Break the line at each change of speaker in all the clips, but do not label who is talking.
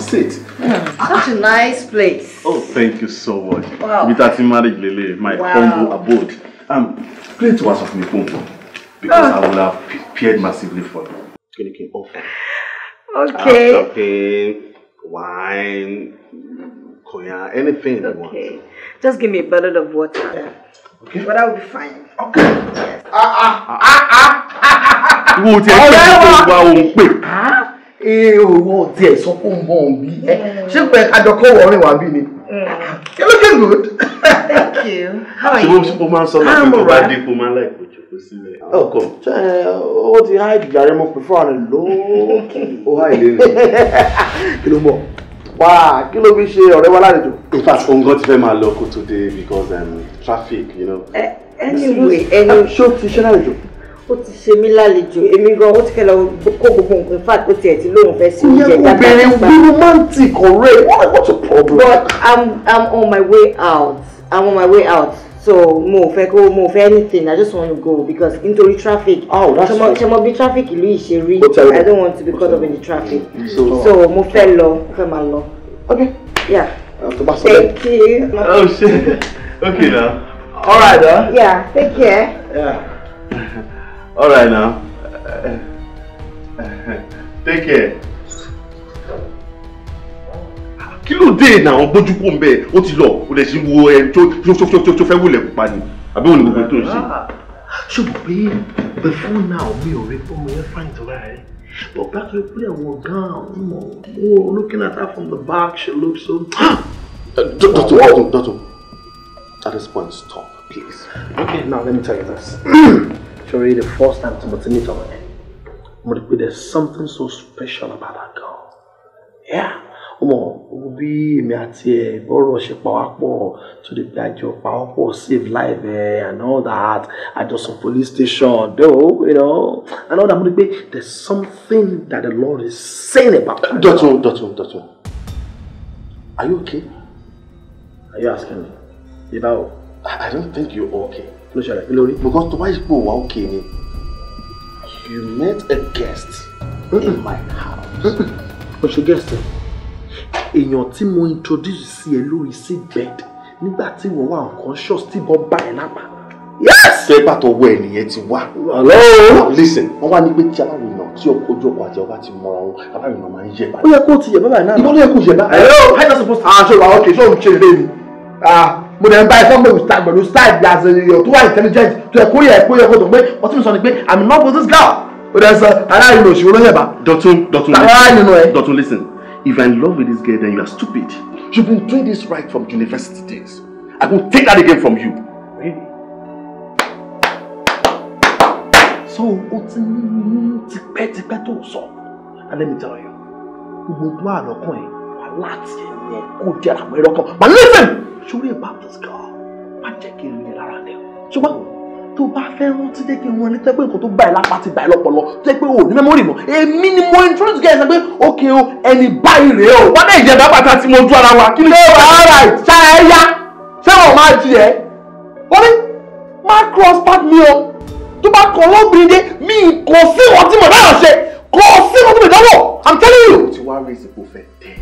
State. Mm, such a nice place. Oh, thank you so much. Wow. Mitati marriage lele, my wow. humble abode. Um, play to us of me phone because oh. I will have paid massively for you. Can you can offer? Okay. Shopping, wine, koya, anything okay. you want. Okay. Just give me a bottle of water. Yeah. Okay. But I will be fine. Okay. Yes. Ah ah ah ah ah. Wo ti ẹ pẹ́ tó wá òun pè ee òun ò tiẹ̀ sọ fún mọ́ òun bí ẹ ṣé pé àjọkọ́ wọ̀ọ́rìn wá ni. Mm. you looking good. thank you how are you. ṣùgbọ́n máa ń sọ láti kó bá dínkù máa ń láì kó jókòó sílẹ̀. ọkọ oh, ṣe eh, ó ti háìdì jàre mo Oh fún àrùn lókè. ó Wow, kilo kí ló mọ̀ wá kí ló in fact I'm going to fẹ́ my local today because um, traffic you know. Eh, anyway anyway. ṣó to ṣe lálejò ó ti ṣe mí lálejò èmi gan ó ti fẹ́ lọ kó gbogbo nǹkan fat ó tiẹ̀ ti lóun fẹ́ sí oúnjẹ dáadáa. ìyẹn obìnrin bí romantic ọ̀rẹ́ what's your problem. but i'm i'm on my way out i'm on my way out so mo fẹ́ kó mo fẹ́ anything i just wan go because nítorí traffic oh, ṣe mo bí traffic ìlú yìí ṣe rí i don't want to be caught up in the traffic so, so mo fẹ́ lọ mo fẹ́ máa lọ. okay. yeah. thank you. oh shit okay na. all right. Uh. yeah take care. Yeah. All right now. Take care. Kí ló dé náà gbójú kó ń bẹ̀ ó ti lọ ó to ṣe wo ẹ tó fẹ́ wò lẹ́kùn pa ni àbí òun ni gbogbo to ń ṣe. Ah. Ṣùgbọ́n pé before now mi ò rí fún mi ẹ fáìn tó But back to put her gown oh, looking at her from the back, she looks so. Ah! Uh, doctor, doctor, doctor, at this point, stop, please. Okay, now let me tell you this. Actually, the first time tí meet her, but there's something so special about that girl yeah ọmọ bí èmi àti ẹ bọ́rọ̀ ṣe pawápọ̀ tó lè gbé àjọ save life ẹ eh, and all that àjọsọ police station though you know and all that mo rí there's something that the Lord is saying about that. Dọ̀tun Dọ̀tun are you okay? are you asking me? ìbáwò. I don't think you're okay ló ṣẹlẹ̀ kí lórí. because tó bá yìí pò wá òkè ni you met a guest in my house. o ṣe guest ẹ èèyàn tí mo introduce sí ẹ lórí sick bed nígbà tí wọ́n wà unconscious tí bọ́ bá ẹ lápá. yes. pépà tó wọ ẹnìyẹn ti wá. hello. listen wọ́n wá ní pé tí aláwọ̀ èèyàn tí ojú ọkọ̀ àti ọba ti mọra wọn aláwọ̀ èèyàn máa ń yẹ báyìí. ó yẹ kó o ti yẹ báyìí náà. ìbọn ló yẹ kó o yẹ báyìí. hello. how you suppose to. aṣọ àwọn kì í ṣe òun ṣe lé ah mo dẹ̀ ń bá ẹ̀fọ́ pẹ̀lú style pẹ̀lú style bí àṣẹ èèyàn tó wà intelligent tó yẹ kó yẹ kó yẹ kó tó pé wọ́n tún sọ ni pé i'm in love with this girl o dẹ̀ sọ ara ìlú òṣìwò ló yẹ bá. dọ̀tun dọ̀tun listen dọ̀tun listen if i'm in love with this girl then you are stupid you been doing this right from university days i go take that again from you. Really? so o ti ní tipẹ́tipẹ́ tó sọ and let me tell you gbogbo tó àlọ́kùn ẹ̀ wà láti ẹ̀ ní ẹ̀kọ́ díẹ̀ àpẹẹrẹ ọkàn but listen sórí baptist girl má jẹ́ kí n lè lára lẹ̀ ṣùgbọ́n tó bá fẹ́ rántí jẹ́ kí n wọn ní tẹ́ pé nǹkan tó báyìí lápá ti báyìí lọ́pọ̀lọ́ tẹ́ pé o ní mẹ́mórì mọ́ èmi ni mo introduce guys pé ok o ẹni báyìí rèé o. wọ́n dẹ̀ ìjẹ̀dá bàtà tí mo ju ara wa kí ni. ṣé wàá rà ṣá ẹ yá ṣé wọn máa jí ẹ. wọ́n ní má cross path mi o tó bá kọ lóbìnrin dé mi kò sí wọn tí mo dáhùn ṣe kò sí wọn tí mo dáhùn i'm telling you. o ti wá rí ìsìnkú fẹ́ tẹ́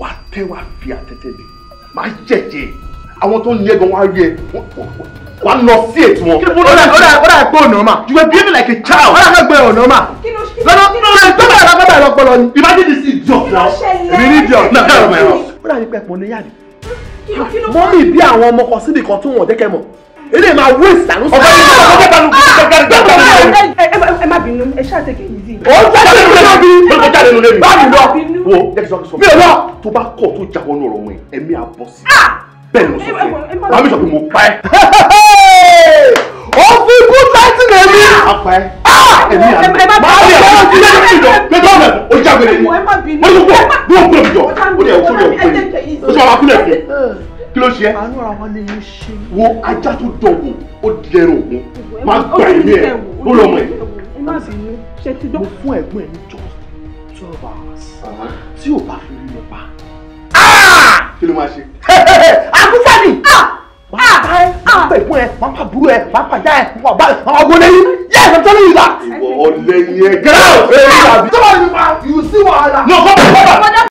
wàá tẹ́ wàá fi àtẹ́tẹ́ bíi máa jẹ̀jẹ̀ àwọn tó ń yẹ gan wá rí ẹ wà á lọ sí ètò wọn. ó dà ó dà ó dà ọ̀nà mà you were behaving like a child. ó dà pé ọ̀nà mà lọ́dọ̀ lọ́dọ̀ ìgbọ́dọ̀ àgbàdà lọ́pọ̀lọ́ ni. imagine this idiot now èmi ní idiot náà kẹ́rọ̀ mọ́ ẹ̀rọ. ó dà ní pẹ́ẹ́pọ̀ ní yàrá mọ́mí bí àwọn ọmọ kan síbì kan tó wọ̀n dẹ́kẹ́ mọ̀ ilé máa wé ìsànú sí. ọ̀gbẹ́ni ọ̀gbẹ́ni bá lùkù tó jáde jáde jáde. ẹ má bínú ẹ ṣáà tẹ̀kẹ́ yìí sí. ó jáde nínú lébi lóko jáde nínú lébi. báyìí lọ wo jẹ́kisọ́ kí sọ mi lọ. tó bá kọ̀ tó jà wọnú ọ̀rọ̀ wọn ẹ̀mí á bọ̀ sí. bẹ́ẹ̀ ló sọ fún ẹ wàá mi sọ pé mo pa ẹ́. ó fi kú táìtì náà mi. a pa ẹ́ ẹ̀mí àná máa rí àwọn ọmọ ìdílé mi jọ pẹ̀lú ọ̀nà ó jáde nínú. mo ní kó bí wọ́n gbé mi jọ ó ní ẹ̀ kí ló ṣe. àánú àwọn ni yóò ṣe. wo ajá tó dọ̀wọ̀ ó dẹrùn ògùn máa gbà ẹ̀mí ẹ̀ ló lọ́mọ ẹ̀. ẹ má bínú ṣe ti dọ́. mo fún ẹ̀gbọ́n ẹ̀ ní just twelve hours tí ò bá fi rí mi pa. kí ló máa ṣe. àkúsàmì ẹ̀gbọ́n ẹ̀ máa bá burú ẹ̀ máa bá já ẹ̀ máa bá ọgbọ́n lẹ́yìn yẹ́ ẹ̀ tó ní ìlà. ìwọ ọlẹ́yìn ẹ̀ gẹ́gẹ́ àwọn ọ̀fẹ́ yìí àbí. tó bá yìí ma you see wàhálà. lọ kọ́ bàbá.